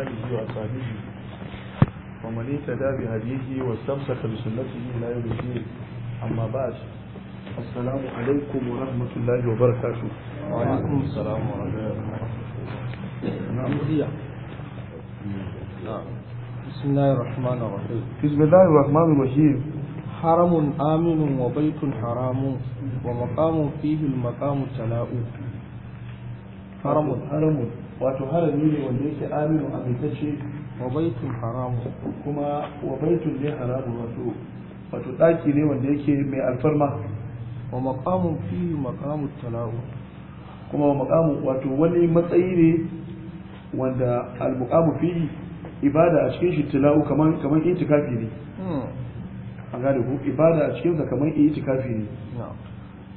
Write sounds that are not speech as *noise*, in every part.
آله وصحبه ومن اهتدى بهديه واستمسك بسنته لا يوم أما بعد السلام عليكم ورحمة الله وبركاته وعليكم السلام ورحمة الله وبركاته نعم. نعم. بسم الله الرحمن الرحيم بسم الله الرحمن الرحيم حرم آمن وبيت حرام ومقام فيه المقام تلاؤ حرم حرم wato harami ne wanda yake aminu amintacce wa baitun haramu kuma wa baitun ne haram wato wato daki ne wanda yake mai alfarma wa maqamun fi maqamut talahu kuma wa maqamu wato wani matsayi ne wanda al-muqamu fi ibada a cikin shi tilau kaman kaman itikafi ne hmm. an gane ku ibada a cikin sa kaman itikafi ne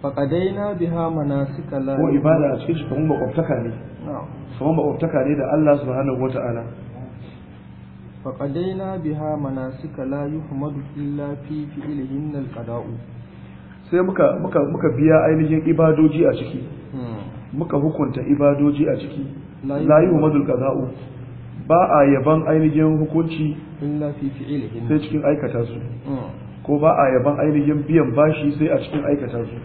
faƙadaina biha suka la ko ibada a cikin shi kamar makwabtaka ne kamar makwabtaka ne da Allah subhanahu wata'ala faƙadaina biha manasika la yuhmadu illa fi fi'ilihin alqada'u sai muka muka muka biya ainihin ibadoji a ciki hmm. muka hukunta ibadoji a ciki layu yuhmadu ƙada'u. ba a yaban ainihin hukunci illa fi fi'ilihin sai cikin aikata su hmm. ko ba a yaban ainihin biyan bashi sai a cikin aikata su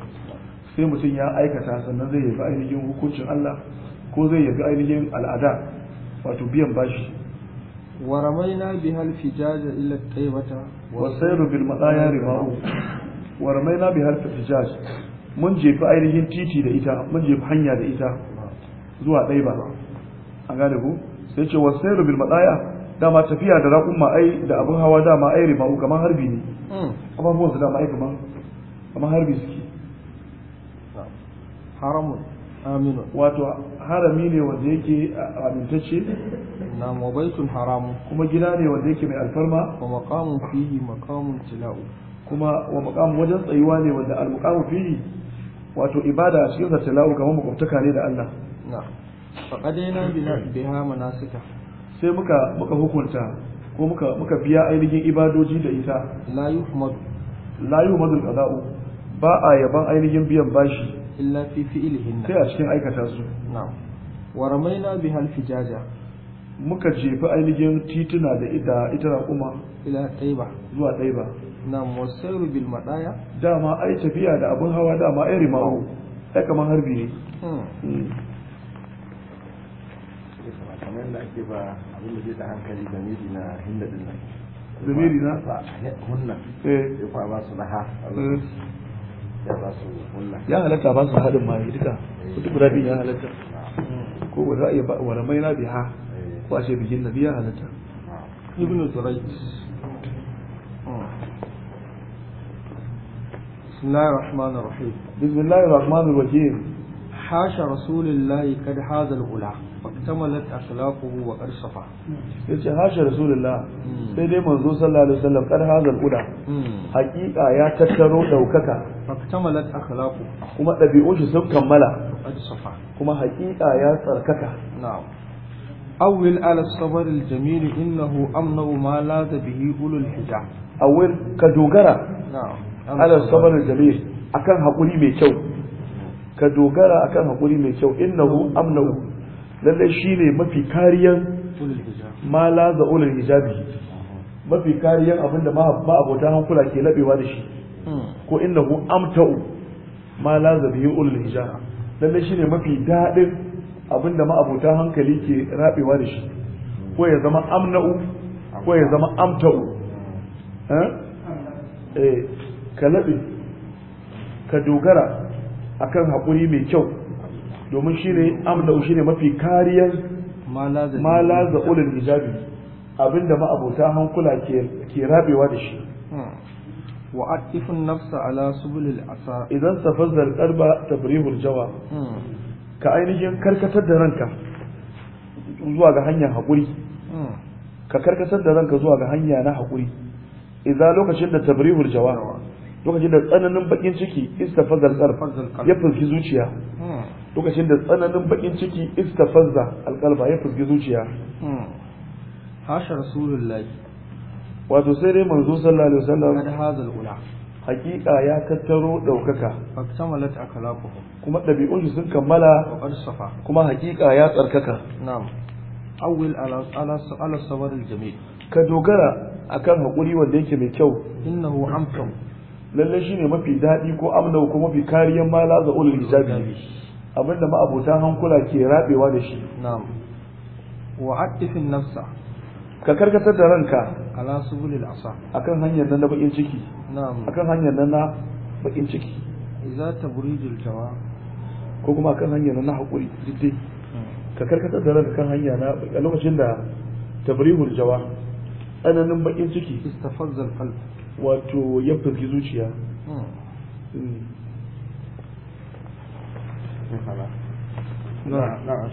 sai mutum ya aikata sannan zai yabi ainihin hukuncin Allah ko zai yabi ainihin al'ada wato biyan bashi wa ramaina bi hal fijaja illa taybata wa sayru bil madaya ribau wa ramaina bi hal fijaj mun jefi ainihin titi da ita mun jefi hanya da ita zuwa ɗaiba an gane ku sai ce wa sayru bil madaya dama tafiya da raƙun ma'ai da abin hawa dama ai rima'u kamar harbi ne hmm. abubuwan su dama ai kamar kamar harbi suke haramun aminu wato harami ne wanda yake amintacce na mabaitun haramun kuma gida ne wanda yake mai alfarma wa maqamun fihi maqamun tila'u kuma wa maqamun wajen tsayuwa ne wanda al-maqamu fihi wato ibada a cikin tila'u kamar makwabtaka ne da Allah na faqadaina biha manasika sai muka muka hukunta ko muka muka biya ainihin ibadoji da ita la yuhmad la qadau ba a yaban ainihin biyan bashi illa fi fi'ilihin sai a cikin aikata su na'am wa ramaina bi hal fijaja muka jefi ainihin tituna da ita ita raƙuma ila taiba zuwa taiba na'am wa sayru bil madaya dama ai tafiya da abun hawa dama ai rimawo ai kamar harbi ne kamar yadda ake ba abin da zai da hankali da miji na hinda din nan zamiri na hunna eh ya kwa ba su laha ya halatta ba su haɗin ma yi duka wata eh. guda biyu ya halatta ko wata ya ba wa ramai na biya eh. ko a ce bikin na biya halatta ah. ibn turai hmm. bismillahir rahmanir rahim bismillahir hasha rasulullahi kad hadha al iktamalat akhlaquhu wa arsafa yace hasha rasulullah hmm. sai dai manzo sallallahu alaihi wasallam kar hazal uda hmm. haqiqa ya tattaro daukaka akhlaqu kuma dabi'un shi sun kammala arsafa kuma haqiqa ya tsarkaka na'am awil ala sabr al jamil innahu amnu ma la bihi ulul hijab awil ka dogara na'am ala sabr al jamil akan hakuri mai kyau ka dogara akan hakuri mai kyau innahu amnu lalle shi ne mafi kariyan ma la za ulul hijabi mafi kariyan da ma abota hankula ke labewa da shi ko hu amta'u ma la za bihi ulul hijaba lalle shi ne mafi dadin da ma abota hankali ke rabewa da shi ko ya zama amna'u ko ya zama amta'u eh, eh ka labe ka dogara akan hakuri mai kyau domin shi ne shine shi ne mafi kariyar ma la ulin ijabi abinda ma'abuta hankula ke rabewa da shi hmm. wa atifun nafsa ala subulil asa idan tafazzal qalba tabrihul jawa hmm. ka ainihin karkatar da ranka zuwa ga hanyar haƙuri hmm. ka karkatar da ranka zuwa ga hanya na haƙuri idza lokacin da tabrihul jawa lokacin da tsananin bakin ciki istafazal qalb ya fulki zuciya lokacin da tsananin bakin ciki istafazza alƙalba ya fusgi zuciya hmm. hasha rasulullahi wato sai dai manzo sallallahu alaihi wasallam kad hazal ula hakika ya tattaro ɗaukaka, faktamalat akalaquhum kuma sun kammala safa kuma hakika ya tsarkaka na'am awil ala ala sabar ka dogara akan hakuri wanda yake mai kyau innahu amkam lalle shine mafi daɗi ko amna ko mafi kariyan ma la hijabi abinda ma'abuta hankula ke rabewa da shi na'am wa attifin nafsa ka karkatar da ranka ala subulil asa akan hanyar nan na bakin ciki na'am akan hanyar nan na bakin ciki idza tabrijul jawa ko kuma akan hanyar nan na hakuri diddi hmm. ka karkatar da ranka kan hanya na a lokacin da tabrijul jawa tsananin bakin ciki istafazzal qalb wato ya fizgi zuciya hmm. Hmm. مختار نعم.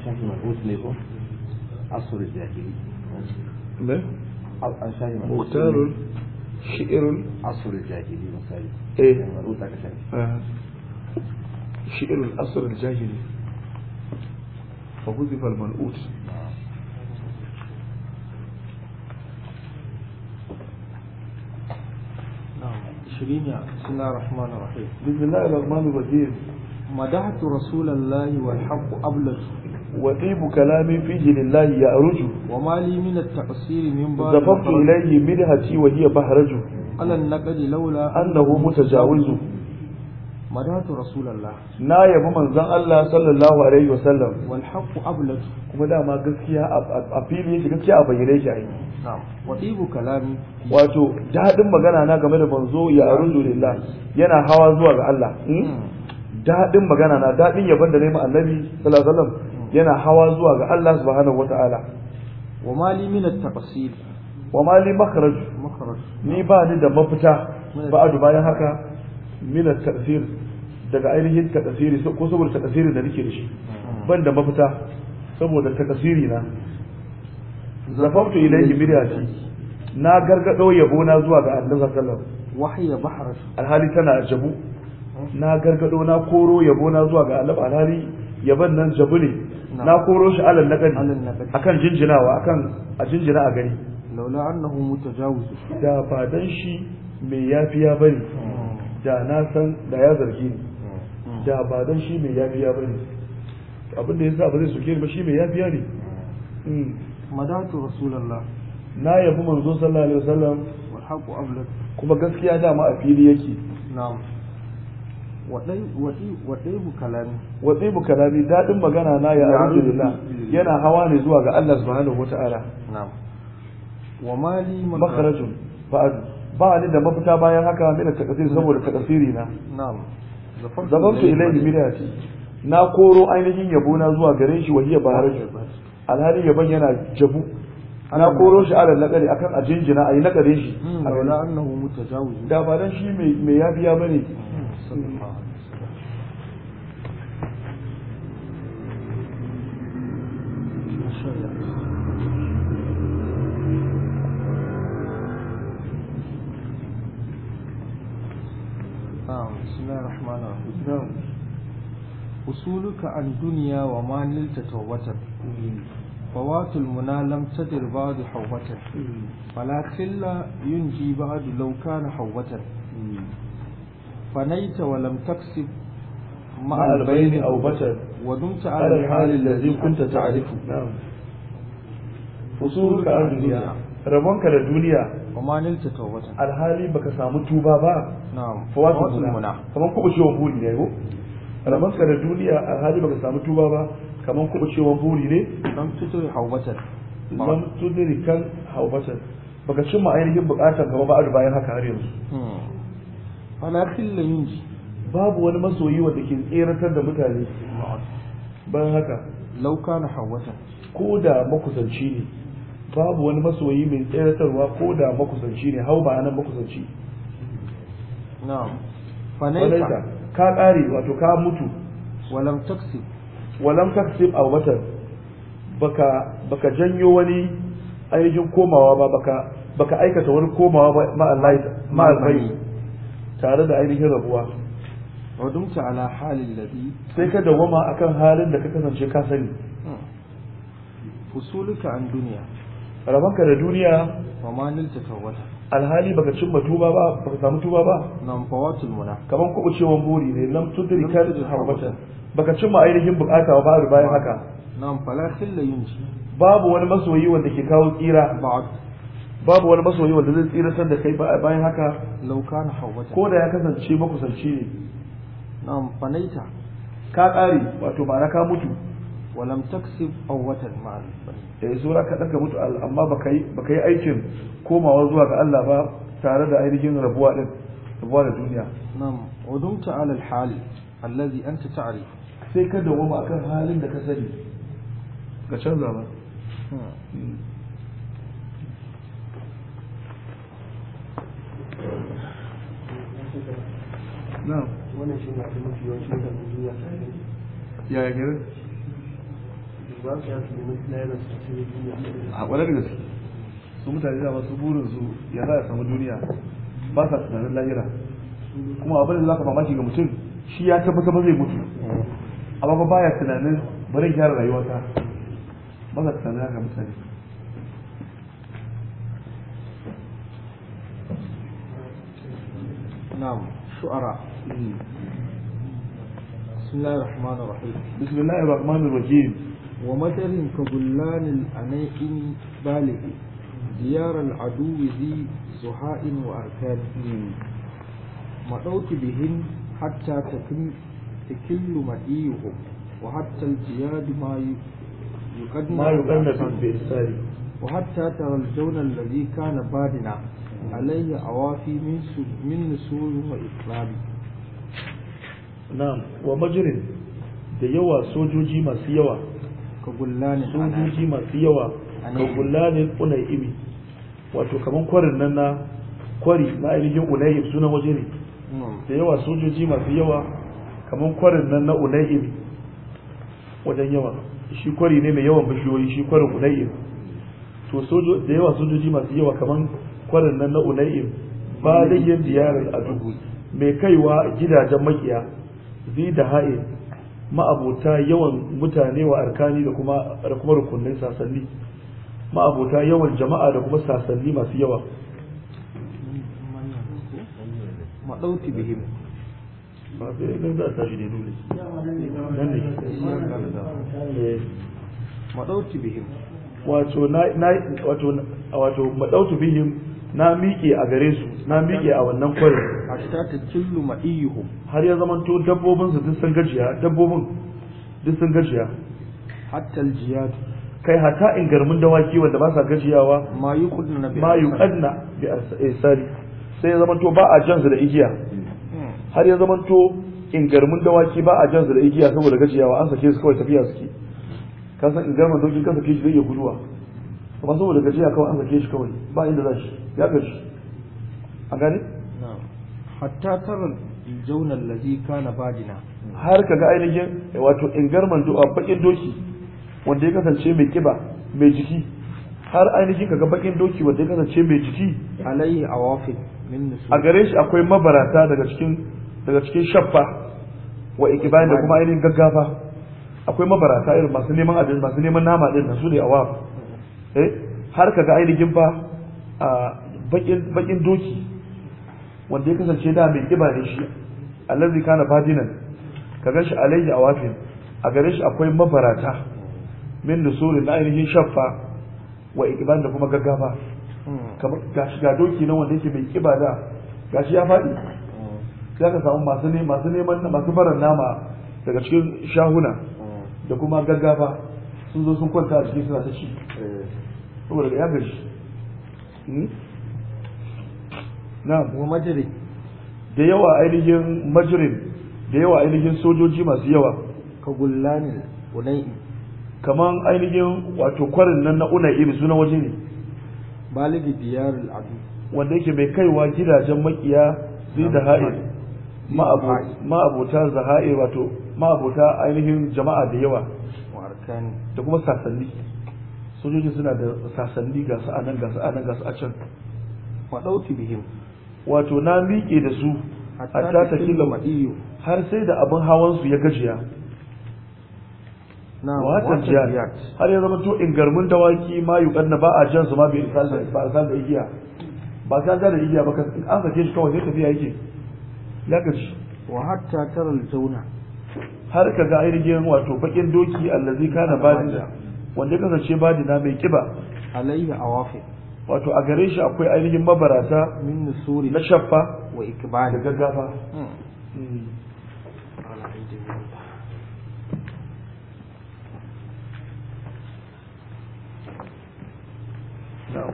شئر العصر الجاهلي مساجد ايه آه. العصر الجاهلي فحذف المنقوط بسم الله الرحمن الرحيم بسم الله الرحمن الرحيم مدحت رسول الله والحق أبلغ وطيب كلامي فيه لله يأرج وما لي من التقصير من بار زففت إليه مدهتي وهي بهرج على النقد لولا أنه متجاوز مدحت رسول الله نا يبو من زن الله صلى الله عليه وسلم والحق أبلغ كما دا ما قسكيها أبيلي قسكيها أبيلي شعي نعم وطيب كلامي واتو جهد مغانا نا قمنا منزو يأرج لله ينا هوا زوا الله daɗin magana na daɗin yabon da nema annabi sallallahu alaihi wasallam yana hawa zuwa ga Allah subhanahu wataala wa mali min at-tafsil wa mali makhraj makhraj ni ba ni da mafita ba'adu bayan haka min at-tafsir daga ainihin takasiri ko saboda takasiri da nake da shi ban da mafita saboda takasiri na zafaftu ilayhi biryati na gargado yabo na zuwa ga allah sallallahu alaihi wasallam wahya bahar alhali tana jabu na gargado na koro yabo na zuwa ga Allah alhali yaban nan jabu ne na koro shi alal naqari akan jinjinawa akan a jinjina a gari laula annahu mutajawiz da ba dan shi mai yafiya bane da na san da ya zargi ni da ba dan shi mai yafiya bane abin da yasa ba zai soke ni ba shi mai yafiya ne hmm. madatu rasulullah na yabi manzo sallallahu alaihi wasallam wal haqu kuma gaskiya dama a fili yake na'am bu kalami daɗin magana na ya alhamdulillah yana hawa ne zuwa ga Allah subhanahu wata'ala wa mali makarajun ba ni da mafita bayan haka mina takasiri saboda takasiri na zabantu ilaihi da na koro ainihin yabo na zuwa gare shi ba baharajun alhari yaban yana jabu ana koro shi alal nakari akan a shi a yi hmm, annahu mutajawiz da ba dan shi mai yabiya bane صلى الله عليه وسلم نعم، بسم الله الرحمن الرحيم نعم. وصولك عن دنيا وما نلت توبتك فوات المنى لم تدر بعد حوتك فلا كلا ينجي بعد لو كان حوتك فنيت ولم تكسب مع البين أو بشر ودمت على الحال الذي كنت تعرفه نعم فصولك على الدنيا ربانك للدنيا وما نلت توبتا الحالي بك سامو توبة با نعم فوات المنع كمان كوبا شو بولي نيو ربانك للدنيا الحالي بك سامو توبة با كمان كوبا شو بولي ني لم تدري حوبة لم تدري كان حوبتا baka cimma ainihin bukatar gaba ba a bayan haka har yanzu fala khillan yunji babu wani masoyi wanda ke tseratar da mutane ban haka lauka na hawata ko da makusanci ne babu wani masoyi mai tseratarwa ko da makusanci ne hau ba nan makusanci na fanaita ka ƙare wato ka mutu walam taksi walam taksi a baka baka janyo wani ayyukan komawa ba baka baka aikata wani komawa ba ma'allai tare da ainihin rabuwa wa dumta ala halin ladhi sai ka dawama akan halin da ka kasance ka sani hmm. fusuluka an duniya rabanka da duniya wa ma nilta alhali baka cimma tuba ba baka samu tuba ba nan fawatul muna kaman ku cewa buri ne lam tudrika al-hawbata baka cimma ainihin bukata ba bayan haka nan yunji babu wani masoyi wanda ke kawo ƙira. babu wani masoyi wanda zai tsiratar da kai bayan haka laukana hawwata ko da ya kasance makusanci ne na'am fanaita ka kare wato ma'ana ka mutu walam taksib awwatan ma'al eh so ka daka mutu amma baka yi baka yi aikin komawa zuwa ga Allah ba tare da ainihin rabuwa din rabuwa da duniya na'am udumta ala al-hal allazi anta ta'rif sai ka dawo akan halin da ka sani ka canza ba hmm. Hmm. na'am wannan da duniya ba su a mutane da masu burin su ya za a samu duniya ba sa tunanin lahira kuma abin da za ka mamaki ga mutum shi ya tabbata zai mutu amma ba ya tunanin barin gyara rayuwata ba sa tunanin haka mutane نعم شعراء بسم الله الرحمن الرحيم بسم الله الرحمن الرحيم ومثل كبلان الأنائم بالغ ديار العدو ذي سهاء وأركان مدوت بهم حتى تكن تكل مديهم وحتى الجياد ما يقدم ما يقدم في الساري وحتى ترى الجون الذي كان بادنا alayhi awafi min min nusul wa iqlab na'am wa majrin da yawa sojoji masu yawa ka gullanin sojoji masu yawa ka wato kaman kwarin nan na kwari na ainihin ulaiim sunan waje ne da yawa sojoji masu yawa kaman kwarin nan na ulaiim wajen yawa shi kwari ne mai yawan bishiyoyi shi kwarin ulaiim to da yawa sojoji masu yawa kaman kwarin nan na unayim ba zai yi ziyarar dubu mai kaiwa gidajen makiya zai da ha'e ma'abota yawan mutane wa arkani da kuma rukunin sasanni ma'abota yawan jama'a da kuma sasanni masu yawa maɗauti bihim ba sai ɗan za a tashi da dole nan ne maɗauki bihim wato na wato wato maɗauti bihim na miƙe a gare su na miƙe a wannan kwarin hatta ta tillu ma'ihu har ya zama to dabbobin su duk sun gajiya dabbobin duk sun gajiya hatta aljiyad kai hatta garmin dawaki wanda ba sa gajiyawa ma yuqadna bi bi arsari sai ya zama to ba a jan su da igiya hmm. har ya zama to garmin dawaki ba a jan su da igiya saboda gajiyawa an sake su kawai tafiya suke kasan ingarmin dokin kansa kishi zai iya guduwa kuma saboda gajiya kawai an gaje shi kawai ba inda za shi ya gaji a gani hatta tarar jaunar lazi kana badina har ka ga ainihin wato ingarman a bakin doki wanda ya kasance mai kiba mai jiki har ainihin ka ga bakin doki wanda ya kasance mai jiki a awafid a gare shi akwai mabarata daga cikin daga cikin shabba wa ikibani da kuma ainihin gaggafa akwai mabarata irin masu neman abin masu neman nama din da su ne wafin Eh, har kaga ainihin ba a bakin doki wanda ya kasance da mai kiba ne shi allazi kana fadinan ka gan shi alayhi wafin a gare shi akwai mabarata min nusurin na ainihin shaffa wa ikiban da kuma gaggafa kamar shi ga doki na wanda yake mai kiba da ga shi ya faɗi ya ka samu masu neman masu baran nama daga cikin shahuna da kuma gaggafa sun zo sun kwanta a cikin suna ta ci saboda ga ya gaji hmm? na kuma majiri da yawa ainihin majirin da yawa ainihin sojoji masu yawa ka gullanin unai kaman ainihin wato kwarin nan na unai mai suna waje ne baligi biyar al'adu wanda yake mai kaiwa gidajen makiya zai da ha'ir ma'abota zaha'ir wato ma'abota ainihin jama'a da yawa da kuma sasanni sojoji suna da sasanni ga su anan ga su anan ga su a can wa bihim wato na miƙe da su a tata killa har sai da abin hawan su ya gajiya wa hatta jiya har ya zama to garmun dawaki ma yuqanna ba a jan su ma bai san ba san da igiya ba ka da igiya ba ka an sake shi kawai sai tafiya yake ya gaji wa hatta taral zauna har ka ga ainihin wato bakin doki allazi kana badi wanda kasance badi na mai kiba alayhi awafi wato a gare shi akwai ainihin mabarata min nusuri na shaffa wa ikbal da gaggafa hmm. hmm. No.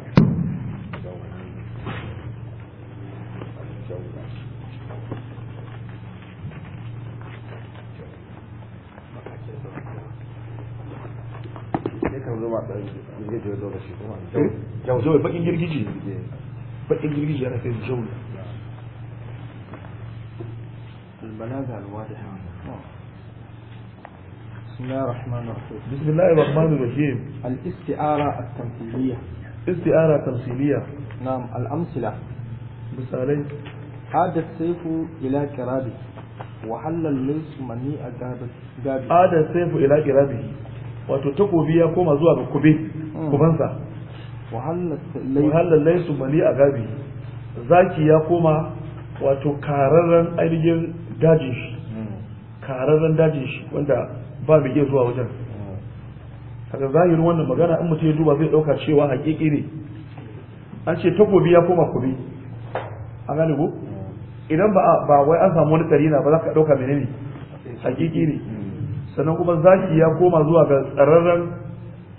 بسم الله الرحمن الرحيم بسم الله الرحمن الرحيم الاستعارة التمثيلية استعارة تمثيلية نعم الأمثلة مثالين عاد السيف إلى كرابه وحل الليث منيء جابه عاد السيف إلى كرابه wato takobi ya koma zuwa ga kube hmm. kubansa wahallar laisu mali a gabi zaki ya koma wato kararren ainihin dajin shi hmm. kararren dajin shi wanda ba bige zuwa wajen haka hmm. zahirin wannan magana in mutum ya duba zai ɗauka cewa hakiki ne an ce takobi ya koma kube a gane idan ba wai an samu wani tsari na ba za ka ɗauka menene hakiki ne sannan kuma zaki ya koma zuwa ga tsararren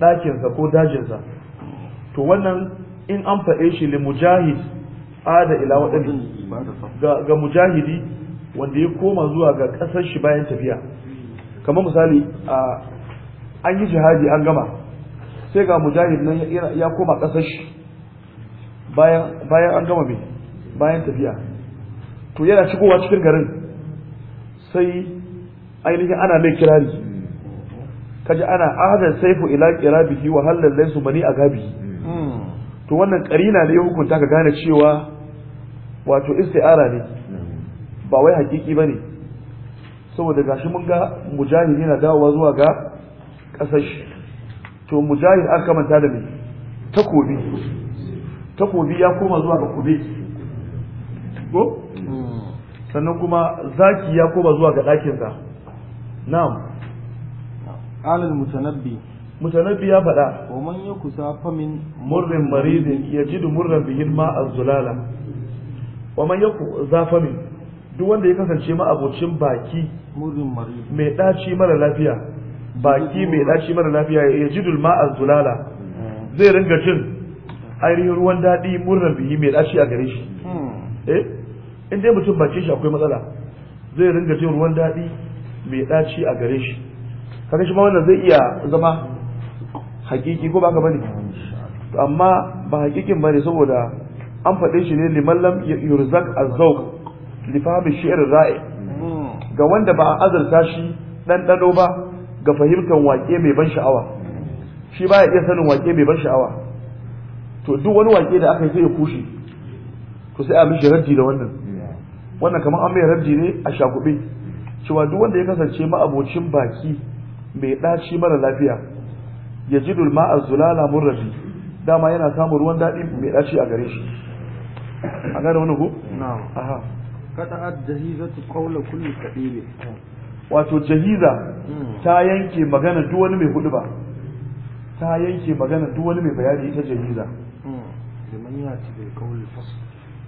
ɗakinsa ko dajinsa to wannan in an faɗe shi li mujahid ada ila waɗanda ga mujahidi wanda ya koma zuwa ga ƙasar shi bayan tafiya kamar misali a an yi jihadi an gama sai ga mujahid nan ya koma ƙasar shi bayan an gama mai bayan tafiya to yana shigowa cikin garin sai ainihin ana mai kirari kaji ana ahadan saifu ila qirabihi wa halal laysu bani agabi to wannan karina ne ya hukunta ka gane cewa wato isti'ara ne ba wai hakiki bane saboda gashi mun ga mujahid yana dawowa zuwa ga kasar shi to mujahid aka kamanta da me takobi takobi ya koma zuwa ga kube ko hmm. sannan kuma zaki ya koma zuwa ga ɗakinsa na'am qala al-mutanabbi mutanabbi ya faɗa wa man yakusa fa min murrin maridin yajidu murran bihi ma az-zulala wa man yaku min duk wanda ya kasance ma abocin baki murrin mai daci mara lafiya baki mai daci mara lafiya yajidu ma az-zulala hmm. zai ringa jin ainihin ruwan daɗi murnan bihi mai daci a gare shi hmm. eh in dai mutum bakin shi akwai matsala zai ringa jin ruwan daɗi mai ɗaci a gare shi kaga shi ma wannan zai iya zama hakiki ko ba ka To amma ba hakikin bane saboda an faɗe shi ne liman lam yurzak az-zawq li fahmi shi'r ra'i ga wanda ba a azurta shi dan dano ba ga fahimtar wake mai ban sha'awa shi ba ya iya sanin wake mai ban sha'awa to duk wani wake da aka yi sai ya kushi to sai a mishi raddi da wannan wannan kamar an mai raddi ne a shakube cewa duk wanda ya kasance ma'abocin baki mai ɗaci mara lafiya ya ji dulma a zulala murabi dama yana samun ruwan daɗi mai ɗaci a gare shi a gane wani ku? aha kada jahiza ta kaula kulli kaɗebe wato jahiza hmm. ta yanke magana duk wani mai hudu ba ta yanke magana duk wani mai bayani ita jahiza hmm.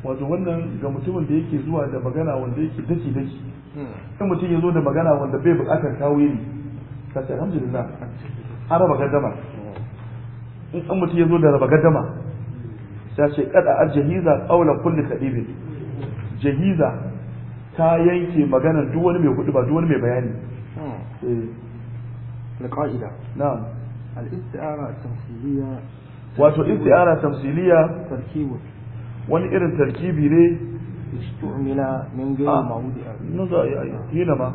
wato wannan ga mutumin da yake zuwa da magana wanda yake daki daki in mutum ya zo da magana wanda bai buƙatar tawili ta ce alhamdulillah an raba gaddama in an mutum ya zo da raba gaddama ta ce kada a jahiza ƙaunar kulli kadibi jahiza ta yanke magana duk wani mai kuɗi ba duk wani mai bayani eh, wato istiara tamsiliya wani irin tarkibi ne استعمل من غير ما موضع نزا هنا ما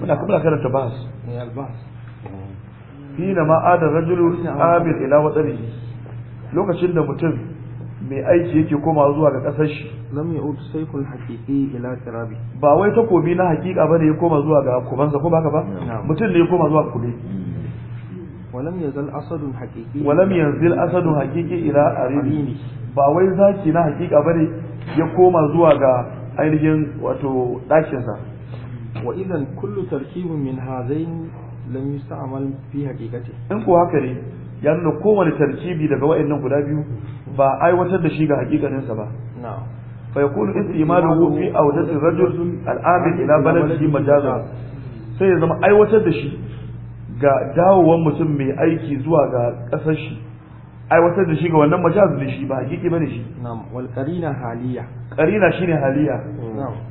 muna kuma karanta bahas ne eh, albahas hina ma adar rajulu amir ila wadari lokacin ده mutum mai aiki yake koma zuwa ga kasar shi lam ya'ud sayful haqiqi ila tirabi ba wai takobi na hakika bane ya koma zuwa ga kubansa ko baka ba mutum ne ya koma zuwa kube walam yazal asadun haqiqi walam yanzil asadun haqiqi ila arini ba wai zaki na hakika bane ya koma zuwa ga ainihin wato dakin sa wa idan kullu tarkibun min hadain lam yusta'mal fi haqiqati in ko haka ne ya nuna kowane tarkibi daga wa'annan guda biyu ba aiwatar da shi ga haqiqanin sa ba na'am fa yakunu istimaluhu fi awdati rajul al-amil ila baladihi majazan sai ya zama aiwatar da shi ga dawowar mutum mai aiki zuwa ga ƙasar shi aiwatar da shi ga wannan majaz da shi ba hakiki bane shi na'am wal qarina haliya qarina shine haliya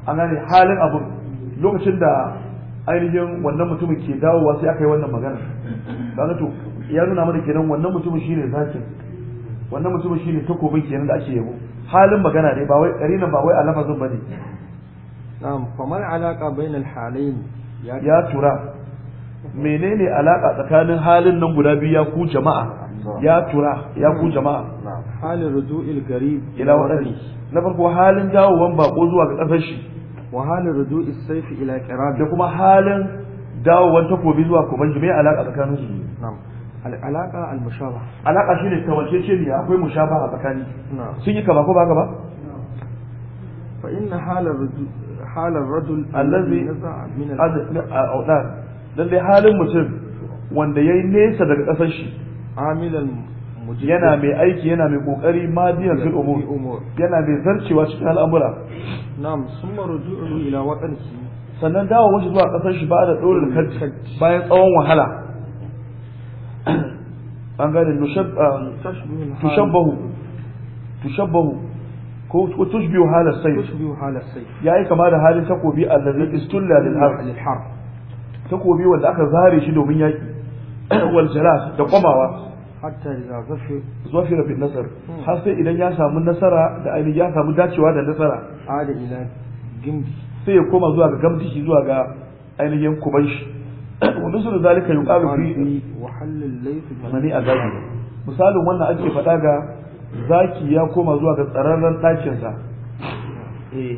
an gane halin abu lokacin da ainihin wannan mutumin ke dawowa sai aka yi wannan magana kaga to ya nuna mana kenan wannan mutumin shine zakin wannan mutumin shine takobin kenan da ake yabo halin magana ne ba wai qarina ba wai alafazin bane na'am famal alaqa bainal halayn ya tura menene alaka tsakanin halin nan guda biyu ya ku jama'a ya tura ya ku jama'a halin rudu'il garib ila wadani na farko halin dawowan bako zuwa ga kasar shi wa halin rudu'is sayf ila qirab da kuma halin dawowan takobi zuwa kuban jima'i alaka tsakanin su alaka al-mushabah alaka shine ne akwai a tsakani sun yi kaba ko ba ka ba fa inna halar rajul alladhi min al-awdan lalle halin mutum wanda ya yi nesa daga ƙasar shi yana mai aiki yana mai kokari biyan fil umur yana mai zarcewa cikin al'amura na'am summa ruju'u ila waqansi sannan dawo wasu zuwa ƙasar shi ba da dole bayan tsawon wahala an gane ah, tushabbahu tushabbahu ko tushbihu wahala sai ya yi kama da halin takobi allazi istulla lil har takobi wanda aka zare shi domin yaki *coughs* wal jalas da komawa hatta da zafi zafi bin nasar hmm. har sai idan ya samu nasara da ai ya samu dacewa da nasara ala ila gimdi sai ya koma zuwa ga gamdi shi zuwa ga ainihin kuban shi *coughs* wa misal zalika ƙaru fi wa halal laysa mani azabi misalin wannan ake faɗa ga zaki ya koma zuwa ga tsararren ɗakinsa. sa eh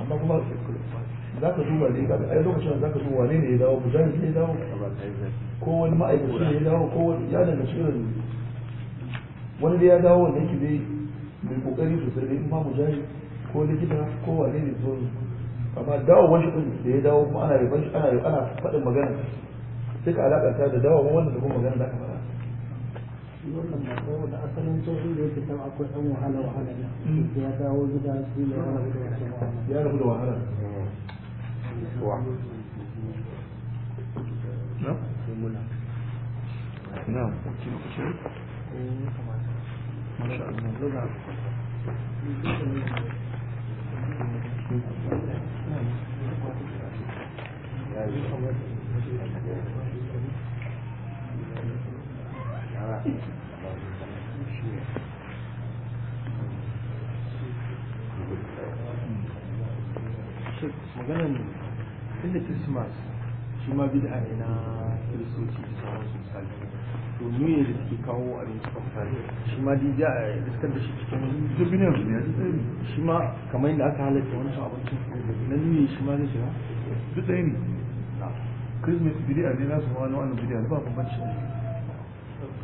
amma kuma za ka duba ne a yi lokacin za ka duba wane ne ya dawo mujahid ne ya dawo ko wani ma'aikaci ne ya dawo ko wani ya daga shirin wani da ya dawo wanda yake dai mai kokari sosai da ma mujahid ko likita ko wane ne zo amma dawo wani din da ya dawo kuma ana ana ana faɗin magana sai ka ta da dawo wannan da kuma magana da aka wannan ba da asalin tsohon da yake tawa akwai dan wahala wahala ne mm. ya dawo gida shi ne wahala da wahala ya rabu da wahala wa na na masha Allah maganan tun da christmas shi ma bid'a ne na da sauran su misali to new year da suke kawo abinci kwamfani shi ma dija a iskar da shi cikin shi ma kamar yadda aka halatta abincin na new year shi ma zai shiga duk christmas ne nasu ma ba ne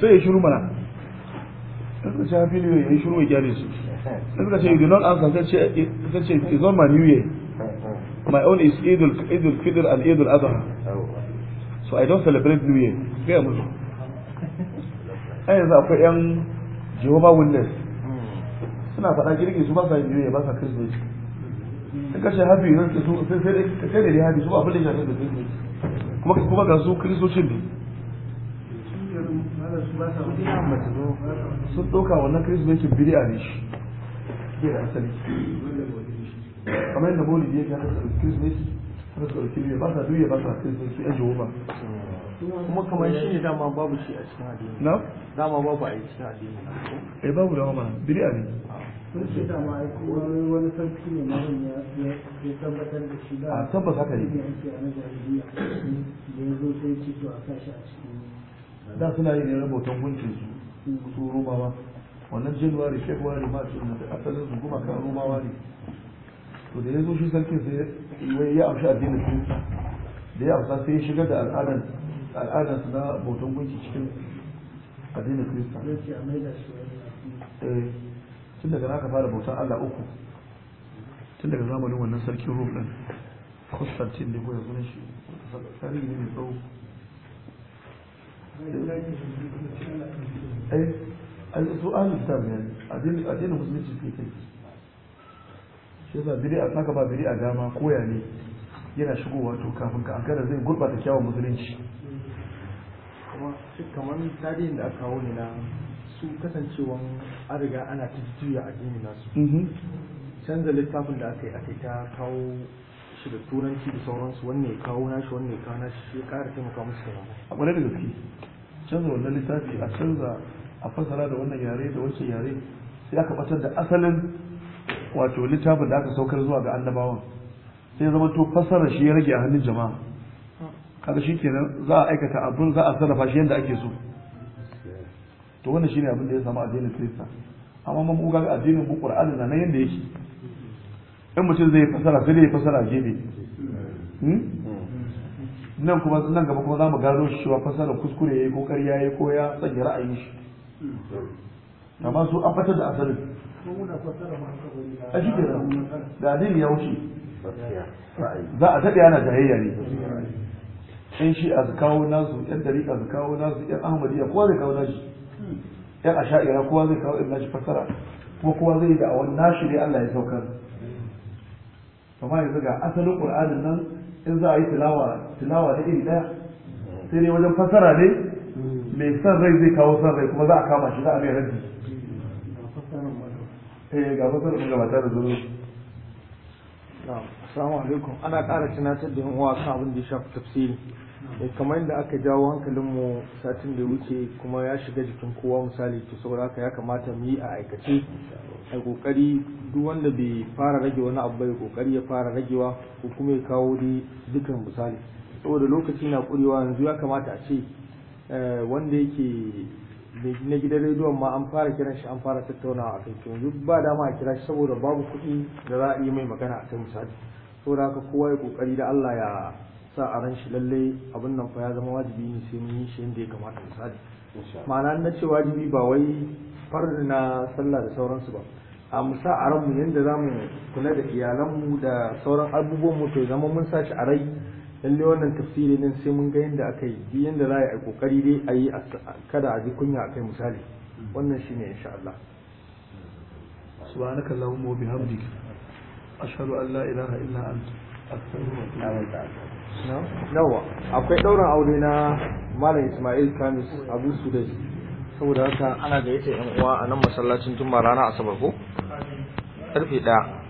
sai ya shiru mana suka ce ya new year ya shiru mai gyare su suka ce you do not answer sai ce it's not my new year my own is idol idul and idol adha so i don't celebrate new year gaya musu ai yanzu akwai yan jehovah witness suna faɗa girki su ba sa new year ba sa christmas sai kashe happy yanzu sai sai da happy su ba abin da shafi da christmas kuma ga su kristocin ne sun ɗauka wannan kiristoci bid'a ne shi bai da asali kamar yadda maulidi yake haka da kiristoci haka da kiristoci ba sa duniya ba sa kiristoci a jehova kuma kamar shi ne dama babu shi a cikin addini na dama babu a cikin addini eh babu dama bid'a ne sun ce dama ai wani sarki ne ma ya tabbatar da shi da a tabbata haka ne da ya zo sai ci to a sashi a cikin da suna yi ne na bautan gunkin su su rumawa wannan januwari february march da asalin su kuma kan rumawa ne to da ya zo shi sarkin sai ya amsa addinin su da ya amsa sai ya shigar da al'adar al'adar su na bautan gunki cikin addinin kirista eh, tun daga naka fara bautan allah uku tun daga zamanin wannan sarkin rum kusantin da ko yanzu ne shi sarki ne mai tsawo أي السؤال التام يعني أدين musulunci مسلمين في كيف shi yasa biri a saka ba biri a dama koya ne yana shigowa to kafin ka ankara zai gurbata kyawun musulunci kuma kamar tarihin da aka kawo ne na su kasancewan an ana ta a addini nasu mhm. canza littafin da aka yi aka ta kawo shi da turanci da sauransu wanne ya kawo nashi wanne ya kawo nashi sai ƙara taimaka musu da a ƙwarai da gaske canza wannan littafi a canza a fasara da wannan yare da wancan yare sai aka batar da asalin wato littafin da aka saukar zuwa ga annabawan sai zama to fasara shi ya rage a hannun jama'a shi kenan za a aikata abin za a sarrafa shi yadda ake so to wannan shine abin da ya samu addinin Kirista amma mun ga addinin mu Qur'ani na nan yanda yake in mutum zai fasara sai zai fasara gefe hmm? nan kuma nan gaba kuma za mu gano shi wa fasara kuskure ya yi ko ya ko ya tsage ra'ayin shi amma su an fatar da asalin a shi kenan da addini ya wuce za a daɗe ana jayayya ne in shi a kawo nasu yan dariƙa su kawo nasu yan ahmadiyya kowa zai kawo nashi yan asha'ira kowa zai kawo in nashi fasara kuma kowa zai da a wani nashi ne Allah ya saukar kamar yanzu ga asalin qur'anin nan in za a yi tilawa tilawa da iri daya sai ne wajen fassara ne mai san rai zai kawo san rai kuma za a kama shi za a mai raddi eh ga fassarar mun gabata da zuwa Assalamu alaikum ana ƙara tunatar da yan uwa kan abin da ya shafi tafsiri Eh, kamar inda aka jawo hankalinmu satin da wuce kuma ya shiga jikin kowa misali to saboda haka ya kamata mu yi a aikace a kokari duk wanda bai fara rage wani abu bai kokari ya fara ragewa ko kuma ya kawo dai dukan misali saboda lokaci na kurewa yanzu ya kamata a ce eh, wanda yake na gidan rediyon ma an fara kiran shi an fara tattaunawa a kai yanzu ba dama a kira shi saboda babu kuɗi da za a yi mai magana a kai misali saboda haka kowa ya kokari da Allah ya sa a ran shi lalle abin nan fa ya zama wajibi ne sai mun yi shi yadda ya kamata misali ma'ana na ce wajibi ba wai farz na sallah da sauransu ba a musa a ranmu yadda za mu kula da iyalanmu da sauran abubuwan mu to zama mun sa shi a rai lalle wannan tafsiri din sai mun ga yadda aka yi biyu yadda za a yi kokari dai a yi kada a ji kunya a kai misali wannan shi shine insha Allah allahumma wa bihamdika ashhadu an la ilaha illa anta nawa akwai ɗaurin aure na malam ismail kamis abu sudai saboda haka ana da yake yan uwa a nan masallacin juma'a rana asabar ko karfe ɗaya